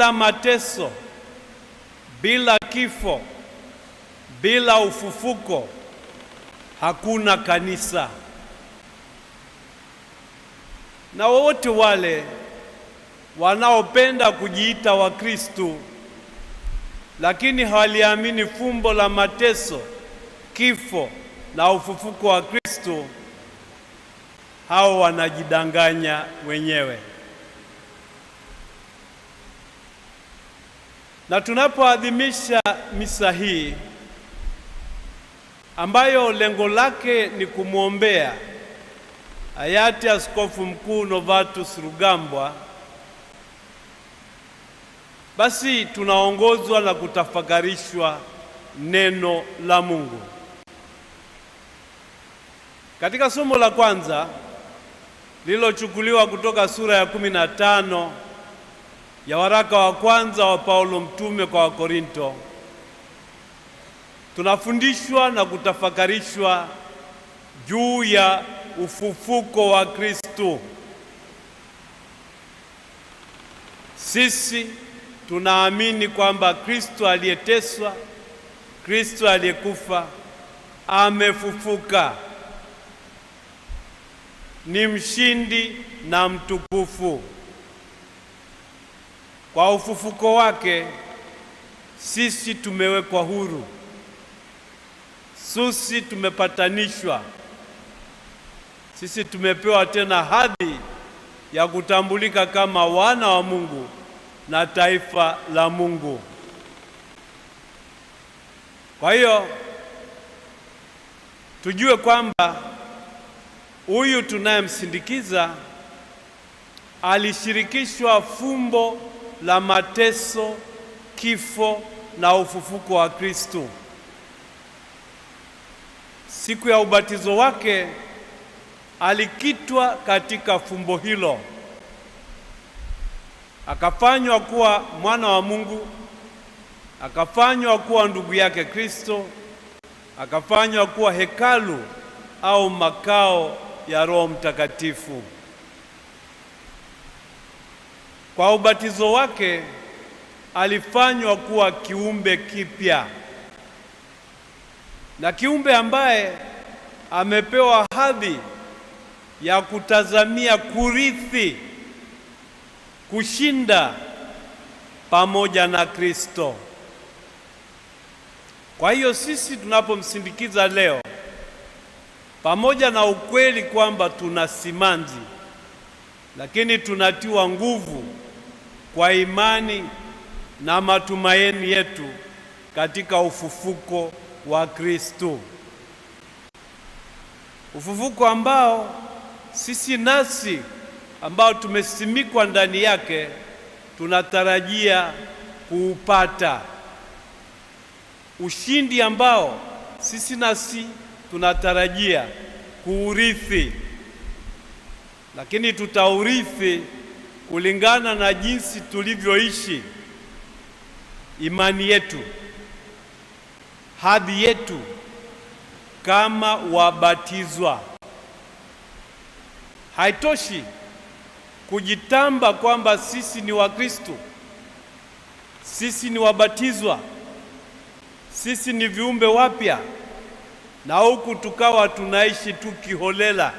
bila mateso, bila kifo, bila ufufuko hakuna kanisa. Na wote wale wanaopenda kujiita wakristu lakini hawaliamini fumbo la mateso, kifo na ufufuko wa Kristo, hao wanajidanganya wenyewe. Na tunapoadhimisha misa hii ambayo lengo lake ni kumwombea hayati Askofu Mkuu Novatus Rugambwa, basi tunaongozwa na kutafakarishwa neno la Mungu. Katika somo la kwanza lililochukuliwa kutoka sura ya kumi na tano ya waraka wa kwanza wa Paulo mtume kwa Wakorinto, tunafundishwa na kutafakarishwa juu ya ufufuko wa Kristo. Sisi tunaamini kwamba Kristo aliyeteswa, Kristo aliyekufa amefufuka, ni mshindi na mtukufu. Kwa ufufuko wake sisi tumewekwa huru, sisi tumepatanishwa, sisi tumepewa tena hadhi ya kutambulika kama wana wa Mungu na taifa la Mungu. Kwa hiyo tujue kwamba huyu tunayemsindikiza alishirikishwa fumbo la mateso, kifo na ufufuko wa Kristo. Siku ya ubatizo wake alikitwa katika fumbo hilo, akafanywa kuwa mwana wa Mungu, akafanywa kuwa ndugu yake Kristo, akafanywa kuwa hekalu au makao ya Roho Mtakatifu. Kwa ubatizo wake alifanywa kuwa kiumbe kipya na kiumbe ambaye amepewa hadhi ya kutazamia kurithi kushinda pamoja na Kristo. Kwa hiyo sisi tunapomsindikiza leo, pamoja na ukweli kwamba tuna simanzi, lakini tunatiwa nguvu kwa imani na matumaini yetu katika ufufuko wa Kristo, ufufuko ambao sisi nasi ambao tumesimikwa ndani yake tunatarajia kuupata, ushindi ambao sisi nasi tunatarajia kuurithi, lakini tutaurithi kulingana na jinsi tulivyoishi imani yetu, hadhi yetu kama wabatizwa. Haitoshi kujitamba kwamba sisi ni Wakristo, sisi ni wabatizwa, sisi ni viumbe wapya, na huku tukawa tunaishi tu kiholela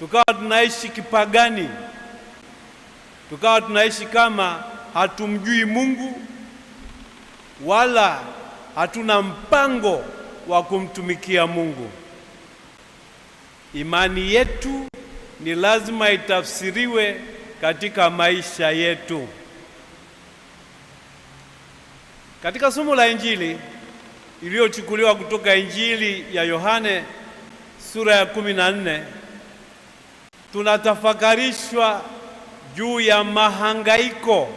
tukawa tunaishi kipagani, tukawa tunaishi kama hatumjui Mungu wala hatuna mpango wa kumtumikia Mungu. Imani yetu ni lazima itafsiriwe katika maisha yetu. Katika somo la Injili iliyochukuliwa kutoka Injili ya Yohane sura ya kumi na nne tunatafakarishwa juu ya mahangaiko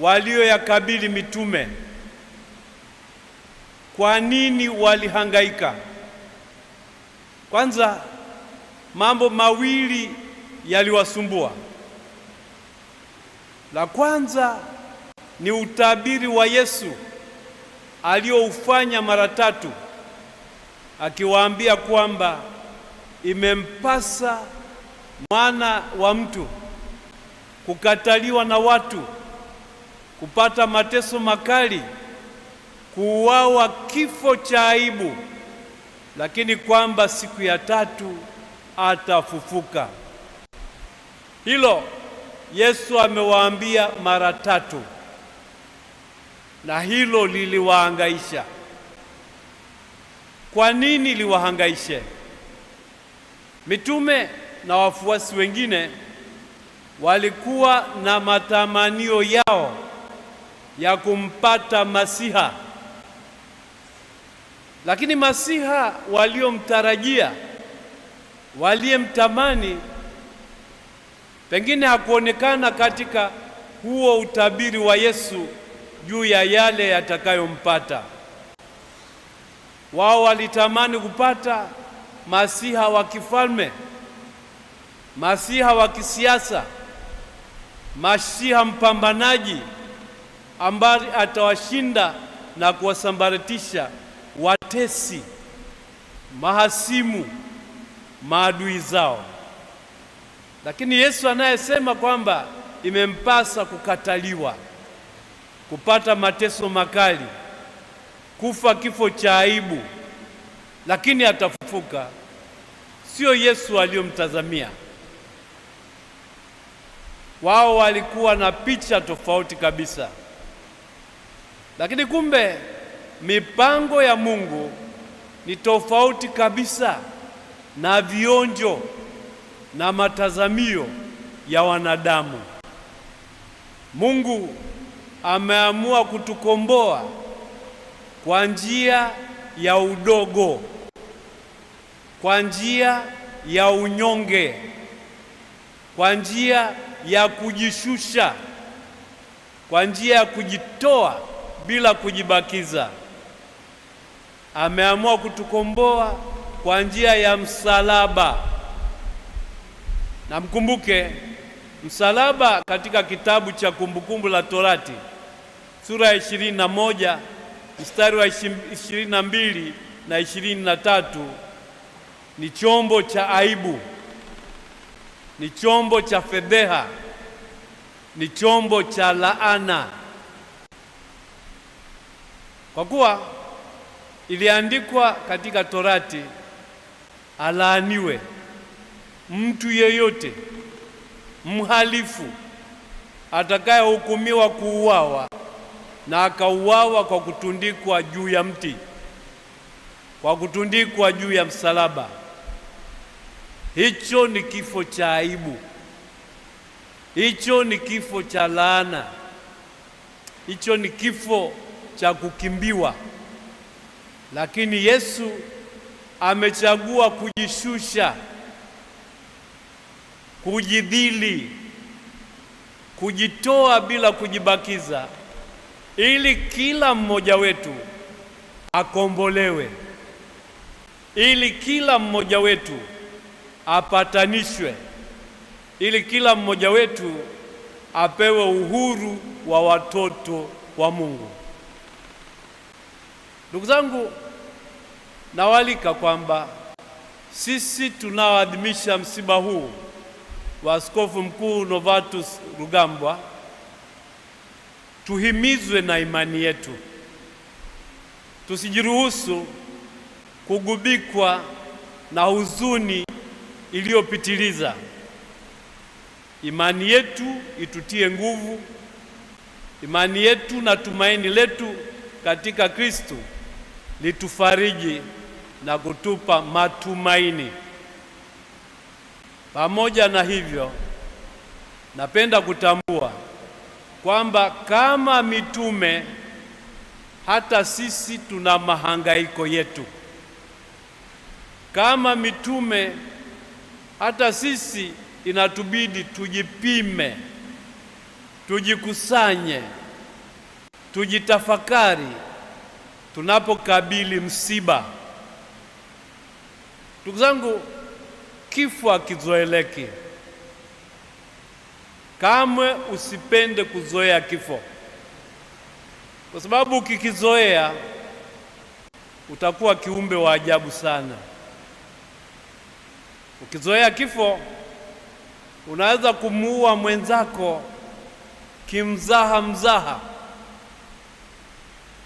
walioyakabili mitume. Kwa nini walihangaika? Kwanza, mambo mawili yaliwasumbua. La kwanza ni utabiri wa Yesu alioufanya mara tatu, akiwaambia kwamba imempasa mwana wa mtu kukataliwa na watu, kupata mateso makali, kuuawa kifo cha aibu, lakini kwamba siku ya tatu atafufuka. Hilo Yesu amewaambia mara tatu, na hilo liliwahangaisha. Kwa nini liwahangaishe? Mitume na wafuasi wengine walikuwa na matamanio yao ya kumpata Masiha, lakini Masiha waliomtarajia waliyemtamani pengine hakuonekana katika huo utabiri wa Yesu juu ya yale yatakayompata. Wao walitamani kupata masiha wa kifalme, masiha wa kisiasa, masiha mpambanaji ambaye atawashinda na kuwasambaratisha watesi, mahasimu, maadui zao. Lakini Yesu anayesema kwamba imempasa kukataliwa, kupata mateso makali, kufa kifo cha aibu lakini atafufuka. Sio Yesu aliyomtazamia. Wao walikuwa na picha tofauti kabisa, lakini kumbe mipango ya Mungu ni tofauti kabisa na vionjo na matazamio ya wanadamu. Mungu ameamua kutukomboa kwa njia ya udogo, kwa njia ya unyonge, kwa njia ya kujishusha, kwa njia ya kujitoa bila kujibakiza. Ameamua kutukomboa kwa njia ya msalaba. Na mkumbuke msalaba katika kitabu cha Kumbukumbu la Torati sura ya ishirini na moja mstari wa ishirini na mbili na ishirini na tatu ni chombo cha aibu, ni chombo cha fedheha, ni chombo cha laana, kwa kuwa iliandikwa katika Torati, alaaniwe mtu yeyote mhalifu atakayehukumiwa kuuawa na akauawa kwa kutundikwa juu ya mti, kwa kutundikwa juu ya msalaba. Hicho ni kifo cha aibu, hicho ni kifo cha laana, hicho ni kifo cha kukimbiwa. Lakini Yesu amechagua kujishusha, kujidhili, kujitoa bila kujibakiza ili kila mmoja wetu akombolewe, ili kila mmoja wetu apatanishwe, ili kila mmoja wetu apewe uhuru wa watoto wa Mungu. Ndugu zangu, nawalika kwamba sisi tunaoadhimisha msiba huu wa Askofu Mkuu Novatus Rugambwa Tuhimizwe na imani yetu, tusijiruhusu kugubikwa na huzuni iliyopitiliza. Imani yetu itutie nguvu, imani yetu na tumaini letu katika Kristo litufariji na kutupa matumaini. Pamoja na hivyo, napenda kutambua kwamba kama mitume hata sisi tuna mahangaiko yetu. Kama mitume hata sisi inatubidi tujipime, tujikusanye, tujitafakari tunapokabili msiba. Ndugu zangu, kifo hakizoeleki. Kamwe usipende kuzoea kifo, kwa sababu ukikizoea utakuwa kiumbe wa ajabu sana. Ukizoea kifo, unaweza kumuua mwenzako kimzaha mzaha,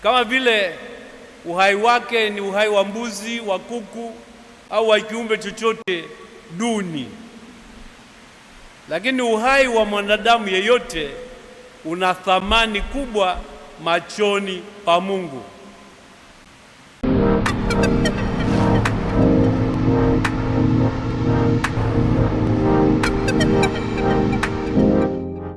kama vile uhai wake ni uhai wa mbuzi, wa kuku au wa kiumbe chochote duni. Lakini uhai wa mwanadamu yeyote una thamani kubwa machoni pa Mungu.